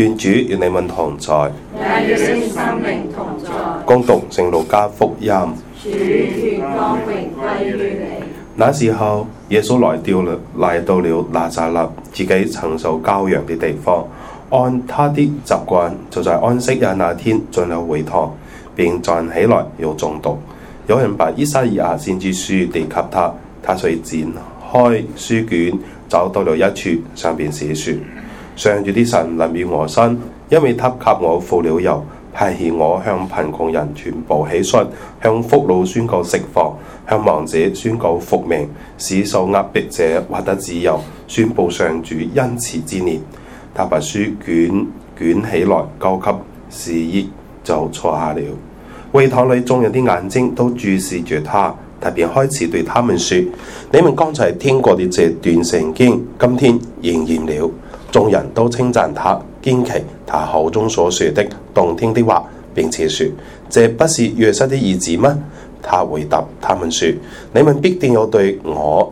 願主與你們同在，恭讀聖路加福音，光那時候耶穌來到了來到了納匝肋，自己曾受教養的地方。按他的習慣，就在安息日那天進了會堂，並站起來要誦讀。有人把依撒意亞先知書遞給他，他遂展開書卷，找到了一處上邊寫說。上主啲神臨於我身，因為他給我付了油，派遣我向貧窮人傳報喜訊，向俘虜宣告釋放，向盲者宣告復明，使受壓迫者獲得自由，宣佈上主恩慈之年。他把書卷捲起來，交給侍役，就坐下了。會堂裏眾人啲眼睛都注視住他，他便開始對他們說：你們剛才聽過的這段聖經，今天應驗了。眾人都稱讚他，驚奇，他口中所說的動聽的話，並且說：這不是若瑟的兒子嗎？他回答：他們說：你們必定要對我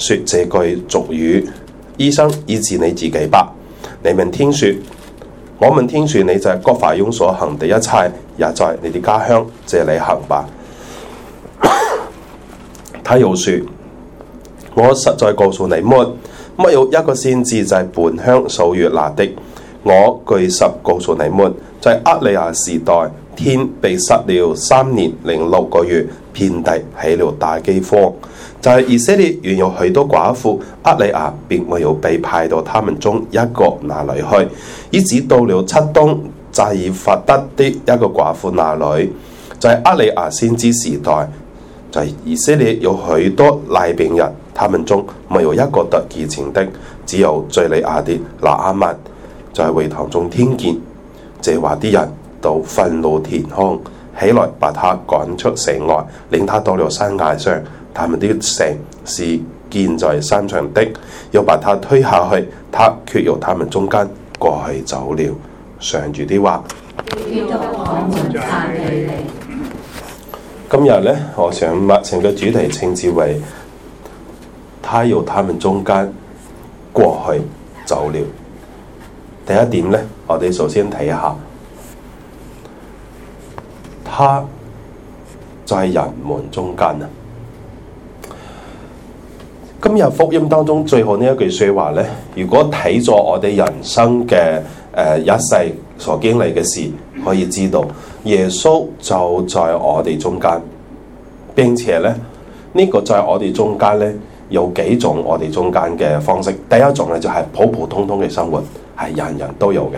說這句俗語：醫生醫治你自己吧。你們聽說：我們聽說，你在葛法翁所行的一切，也在你的家鄉這裏行吧。 他又說：我實在告訴你，沒。乜一個先知就係本鄉數月拿的。我據實告訴你們，在、就是、厄里亞時代，天被塞了三年零六個月，遍地起了大饑荒。就係、是、以色列原有許多寡婦，厄里亞並沒有被派到他們中一個那裏去，以至到了七東扎爾法德的一個寡婦那裏。就係、是、厄里亞先知時代，就係、是、以色列有許多癩病人。他們中沒有一個特別情的，只有敍利亞的那阿曼。在會堂中聽見這話，啲人都憤怒填胸，起來把他趕出城外，領他到了山崖上。他們啲城是建在山上的，又把他推下去。他卻由他們中間過去走了，想住啲話。今日咧，我想默情嘅主題稱之為。他由他們中間過去走了。第一點呢，我哋首先睇一下，他在人們中間啊。今日福音當中最後呢一句說話呢：「如果睇咗我哋人生嘅誒、呃、一世所經歷嘅事，可以知道耶穌就在我哋中間，並且呢，呢、這個在我哋中間呢。有幾種我哋中間嘅方式，第一種咧就係普普通通嘅生活，係人人都有嘅。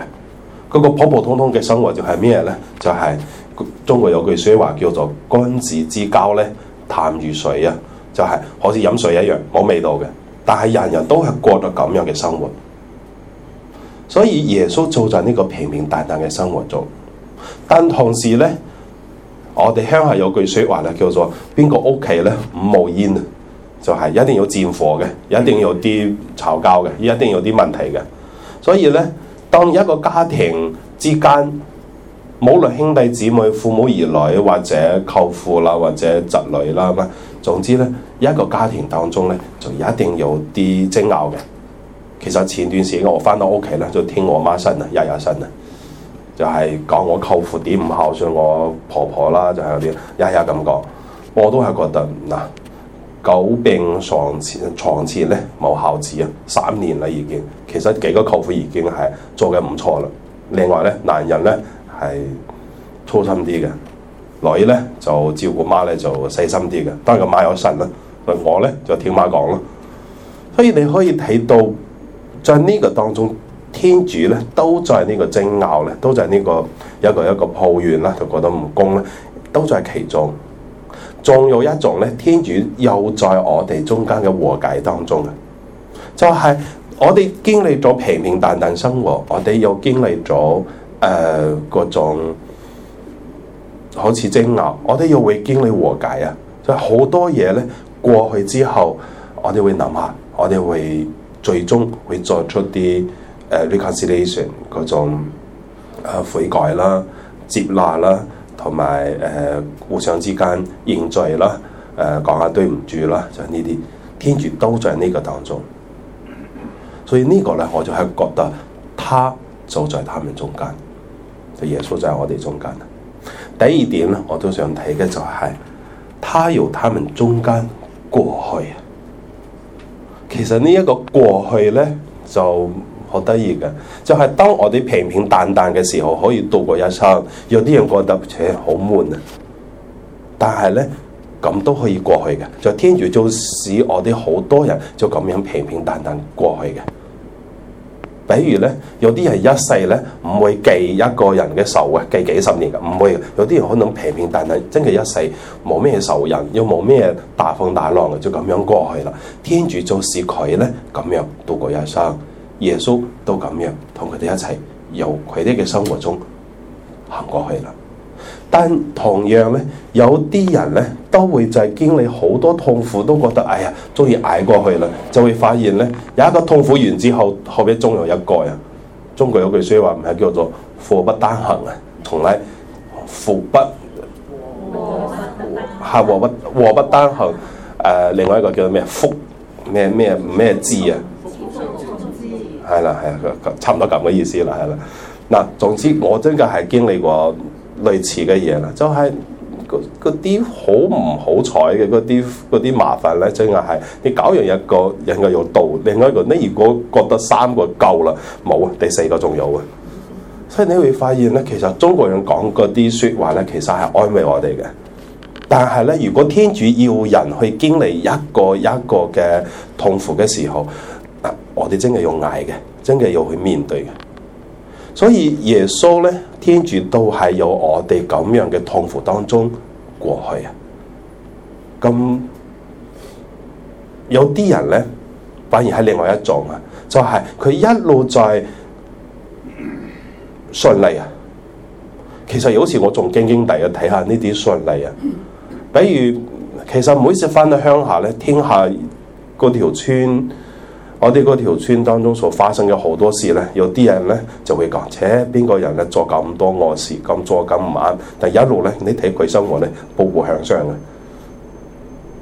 嗰、這個普普通通嘅生活就係咩咧？就係、是、中國有句説話叫做「君子之交咧淡如水」啊，就係、是、好似飲水一樣冇味道嘅。但係人人都係過咗咁樣嘅生活，所以耶穌做在呢個平平淡淡嘅生活中，但同時咧，我哋鄉下有句説話咧叫做：邊個屋企咧五毛煙啊？就係一定要戰火嘅，一定要有啲吵交嘅，一定要有啲問題嘅。所以咧，當一個家庭之間無論兄弟姊妹、父母兒女或者舅父啦、或者侄女啦咁啊，總之咧，一個家庭當中咧就一定要有啲爭拗嘅。其實前段時間我返到屋企咧，就聽我媽呻啊，日日呻啊，就係講我舅父點唔孝順我婆婆啦，就係嗰啲日日咁講。我都係覺得嗱。久病床前床前咧冇孝子啊，三年啦已經。其實幾個舅父已經係做嘅唔錯啦。另外咧，男人咧係粗心啲嘅，女咧就照顧媽咧就細心啲嘅。當然個媽有神啦，我咧就聽媽講啦。所以你可以睇到，在呢個當中，天主咧都在呢個爭拗咧，都在呢個一個一個抱怨啦，就覺得唔公啦，都在其中。仲有一種咧，天主又在我哋中間嘅和解當中啊！就係、是、我哋經歷咗平平淡淡生活，我哋又經歷咗誒嗰種好似爭拗，我哋又會經歷和解啊！即係好多嘢咧過去之後，我哋會諗下，我哋會最終會作出啲誒、呃、reconciliation 嗰種、呃、悔改啦、接納啦。同埋誒互相之間認罪啦，誒講下對唔住啦，就係呢啲天主都在呢個當中，所以個呢個咧我就係覺得他就在他們中間，就耶穌在我哋中間。第二點咧，我都想睇嘅就係、係、他由他們中間過去，其實呢一個過去咧就。好得意嘅，就係當我哋平平淡淡嘅時候，可以度過一生。有啲人覺得誒好悶啊，但係咧咁都可以過去嘅。就天主做事，我哋好多人就咁樣平平淡淡過去嘅。比如咧，有啲人一世咧唔會記一個人嘅仇嘅，記幾十年嘅唔會。有啲人可能平平淡淡，真係一世冇咩仇人，又冇咩大風大浪就咁樣過去啦。天主做事，佢咧咁樣度過一生。耶穌都咁樣同佢哋一齊由佢哋嘅生活中行過去啦。但同樣咧，有啲人咧都會就係經歷好多痛苦，都覺得哎呀，終於捱過去啦，就會發現咧，有一個痛苦完之後，後邊仲有一個啊。中國有句説話唔係叫做「禍不單行」啊，同埋「福不嚇不禍單行」。誒、呃，另外一個叫做咩福咩咩咩字啊？係啦，係啦，差唔多咁嘅意思啦，係啦。嗱，總之我真嘅係經歷過類似嘅嘢啦，就係嗰啲好唔好彩嘅嗰啲啲麻煩咧，真嘅係你搞完一個人嘅要到，另外一個你如果覺得三個夠啦，冇，第四個仲有嘅。所以你會發現咧，其實中國人講嗰啲説話咧，其實係安慰我哋嘅。但係咧，如果天主要人去經歷一個一個嘅痛苦嘅時候。我哋真係要挨嘅，真係要去面對嘅。所以耶穌咧，天主都係由我哋咁樣嘅痛苦當中過去啊。咁有啲人咧，反而喺另外一種啊，就係、是、佢一路在順利啊。其實有時我仲驚驚地去睇下呢啲順利啊。比如其實每次翻到鄉下咧，天下嗰條村。我哋嗰條村當中所發生嘅好多事咧，有啲人咧就會講：，切邊個人咧做咁多惡事，咁做咁猛。但一路咧，你睇佢生活咧，步步向上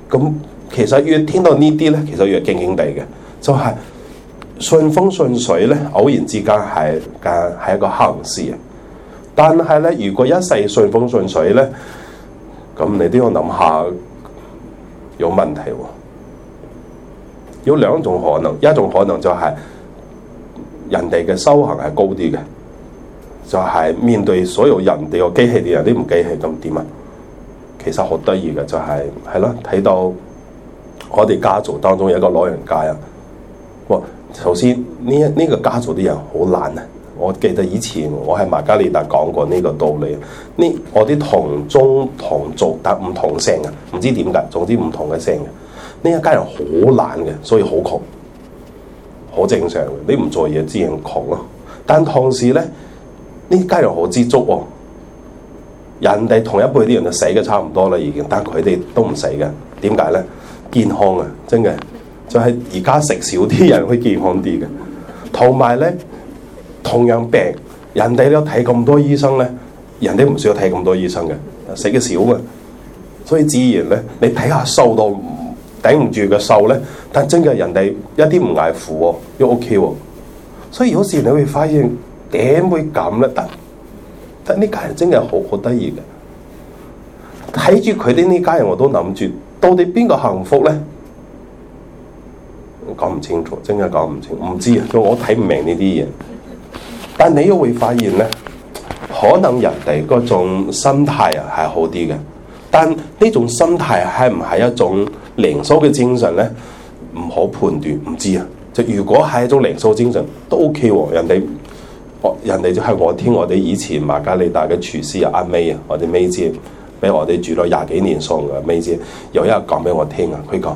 嘅。咁其實越聽到呢啲咧，其實越驚驚地嘅，就係、是、順風順水咧，偶然之間係間係一個幸事。但係咧，如果一世順風順水咧，咁你都要諗下有問題喎、哦。有兩種可能，一種可能就係人哋嘅修行係高啲嘅，就係、是、面對所有人哋個機器啲人，啲唔機器咁點啊？其實好得意嘅就係、是，係咯，睇到我哋家族當中有一個老人家啊！哇，頭先呢呢個家族啲人好懶啊！我記得以前我喺瑪加烈達講過呢個道理，呢我啲同宗同族但唔同姓嘅，唔知點解，總之唔同嘅姓呢一家人好懶嘅，所以好窮，好正常，你唔做嘢自然窮咯。但同時咧，呢家人好知足喎。人哋同一輩啲人就死嘅差唔多啦，已經，但佢哋都唔死嘅。點解咧？健康啊，真嘅，就係而家食少啲人會健康啲嘅。同埋咧，同樣病，人哋都睇咁多醫生咧，人哋唔需要睇咁多醫生嘅，死嘅少啊。所以自然咧，你睇下瘦到。頂唔住嘅瘦咧，但真嘅人哋一啲唔捱苦喎、哦，都 OK 喎、哦。所以有時你會發現點會咁咧？但但呢家人真係好好得意嘅，睇住佢哋呢家人我都諗住，到底邊個幸福咧？講唔清楚，真係講唔清，唔知啊！所以我睇唔明呢啲嘢。但你又會發現咧，可能人哋嗰種心態啊係好啲嘅，但呢種心態係唔係一種？靈修嘅精神咧，唔好判斷，唔知啊。就如果係一種靈修精神，都 OK 喎、啊。人哋，我、哦、人哋就係我聽我哋以前瑪嘉利大嘅廚師啊，阿 May 啊，我哋 May 姐俾我哋煮咗廿幾年餸嘅 May 姐，有一日講俾我聽啊，佢講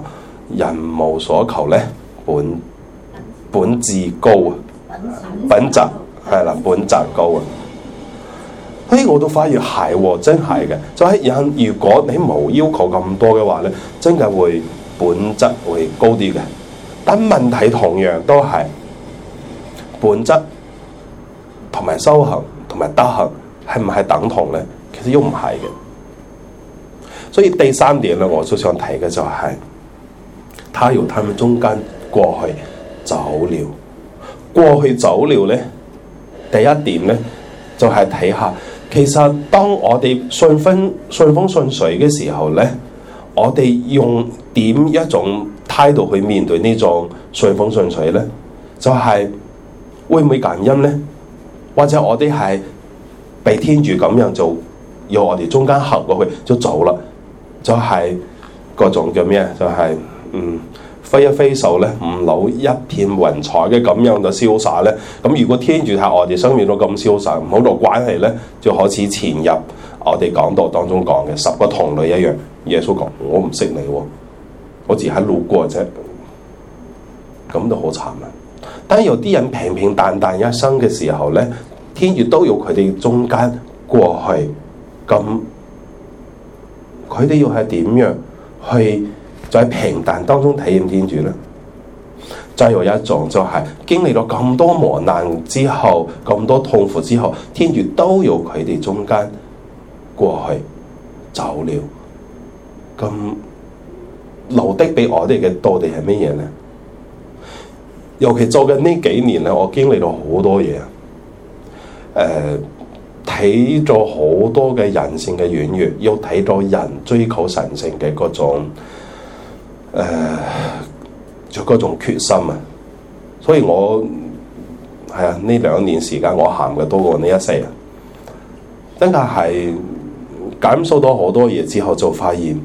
人無所求咧，本本質高啊，品質係啦，本質高啊。本哎，我都發現係喎，真係嘅。就係、是、人，如果你冇要求咁多嘅話咧，真係會本質會高啲嘅。但問題同樣都係本質同埋修行同埋德行係唔係等同咧？其實又唔係嘅。所以第三點咧，我最想睇嘅就係、是，他由他們中間過去走了，過去走了咧，第一點咧就係、是、睇下。其實當我哋順風順風順水嘅時候咧，我哋用點一種態度去面對種信封信呢種順風順水咧？就係、是、會唔會感恩咧？或者我哋係被天主咁樣做，由我哋中間行過去就走啦？就係、是、嗰種叫咩？就係、是、嗯。揮一揮手，咧，唔留一片雲彩嘅咁樣嘅瀟灑咧。咁如果天主喺我哋生命度咁瀟灑唔好落關係咧，就好似前日我哋講道當中講嘅十個童女一樣。耶穌講：我唔識你喎、哦，我只係路過啫。咁都好慘啊！但係有啲人平平淡淡一生嘅時候咧，天主都要佢哋中間過去咁，佢哋要係點樣去？在平淡當中體驗天主咧，再有一種就係、是、經歷咗咁多磨難之後，咁多痛苦之後，天主都由佢哋中間過去走了，咁留的俾我哋嘅到底係乜嘢咧？尤其做緊呢幾年咧，我經歷咗好多嘢，誒睇咗好多嘅人性嘅軟弱，要睇到人追求神性嘅嗰種，誒，就嗰、uh, 種決心啊！所以我係啊，呢兩年時間我行嘅多過呢一世人，真係係感受到好多嘢之後，就發現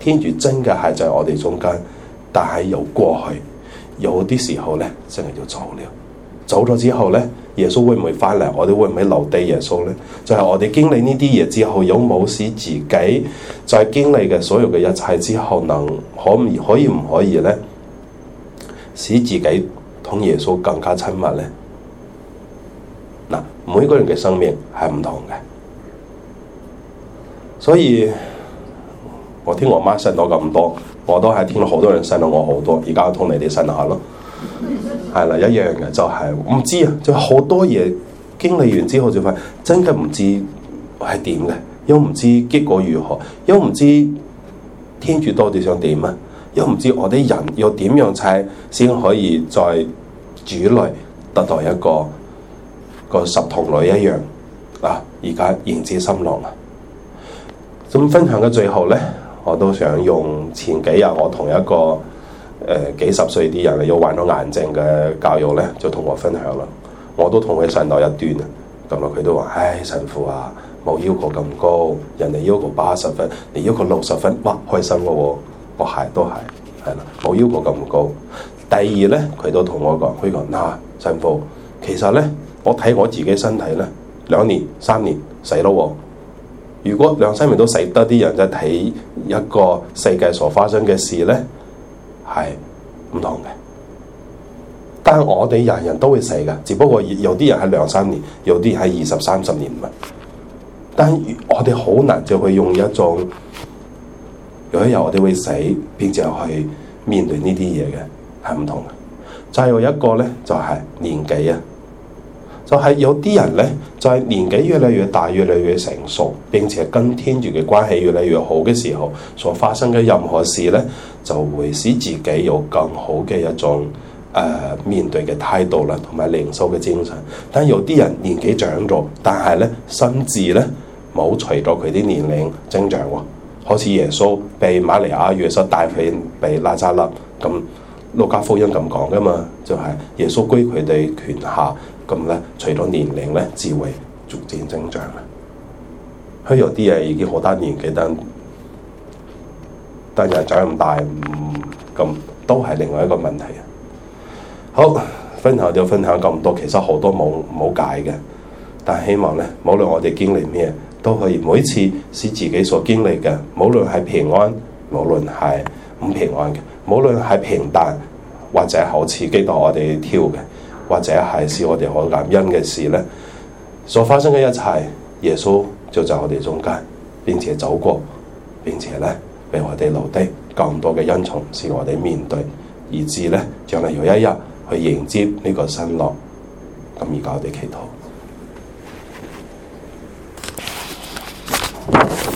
天主真嘅係在我哋中間，但係又過去，有啲時候咧真係要走了，走咗之後咧。耶穌會唔會翻嚟？我哋會唔會留低耶穌咧？就係、係、我哋經歷呢啲嘢之後，有冇使自己在經歷嘅所有嘅一切之後，能可唔可，可以唔可以咧，使自己同耶穌更加親密咧？嗱，每個人嘅生命係唔同嘅，所以我聽我媽呻咗咁多，我都係聽咗好多人呻咗我好多，而家同你哋呻下咯。係啦，一樣嘅就係唔知啊，就好多嘢經歷完之後就發覺真嘅唔知係點嘅，又唔知結果如何，又唔知天主到底想點啊，又唔知我啲人要點樣砌，先可以在主內得到一個個十童女一樣啊！而家迎接新郎啦。咁分享嘅最後咧，我都想用前幾日我同一個。誒、呃、幾十歲啲人嚟，要患咗癌症嘅教育咧，就同我分享啦。我都同佢神內一段啊。咁啊，佢都話：唉，神父啊，冇要求咁高，人哋要求八十分，你要求六十分，哇，開心咯喎、哦！我係都係，係啦，冇要求咁高。第二咧，佢都同我講，佢講嗱，神父，其實咧，我睇我自己身體咧，兩年、三年，死咯喎。如果兩三年都死得啲人，就睇一個世界所發生嘅事咧。係唔同嘅，但我哋人人都會死嘅，只不過有啲人係兩三年，有啲係二十三十年。但係我哋好難就去用一種，有一日我哋會死，並且去面對呢啲嘢嘅係唔同嘅。再有一個咧就係、是、年紀啊。就係有啲人咧，就係、是、年紀越嚟越大，越嚟越成熟，並且跟天主嘅關係越嚟越好嘅時候，所發生嘅任何事咧，就會使自己有更好嘅一種誒、呃、面對嘅態度啦，同埋靈修嘅精神。但有啲人年紀長咗，但係咧心智咧冇隨咗佢啲年齡增長喎，好似、哦、耶穌被瑪利亞約瑟帶去被拿撒勒咁。《路加福音》咁講噶嘛，就係、是、耶穌歸佢哋權下，咁咧除咗年齡咧智慧逐漸增長啊，虛弱啲嘢已經好多年紀，但但又責咁大，唔、嗯、咁都係另外一個問題啊。好，分享就分享咁多，其實多好多冇冇解嘅，但希望咧，無論我哋經歷咩，都可以每次使自己所經歷嘅，無論係平安。無論係唔平安嘅，無論係平淡或者好刺激到我哋挑嘅，或者係使我哋好感恩嘅事咧，所發生嘅一切，耶穌就在我哋中間，並且走過，並且咧畀我哋留低更多嘅恩寵，使我哋面對，以至咧將來有一日去迎接呢個新郎，咁而家我哋祈禱。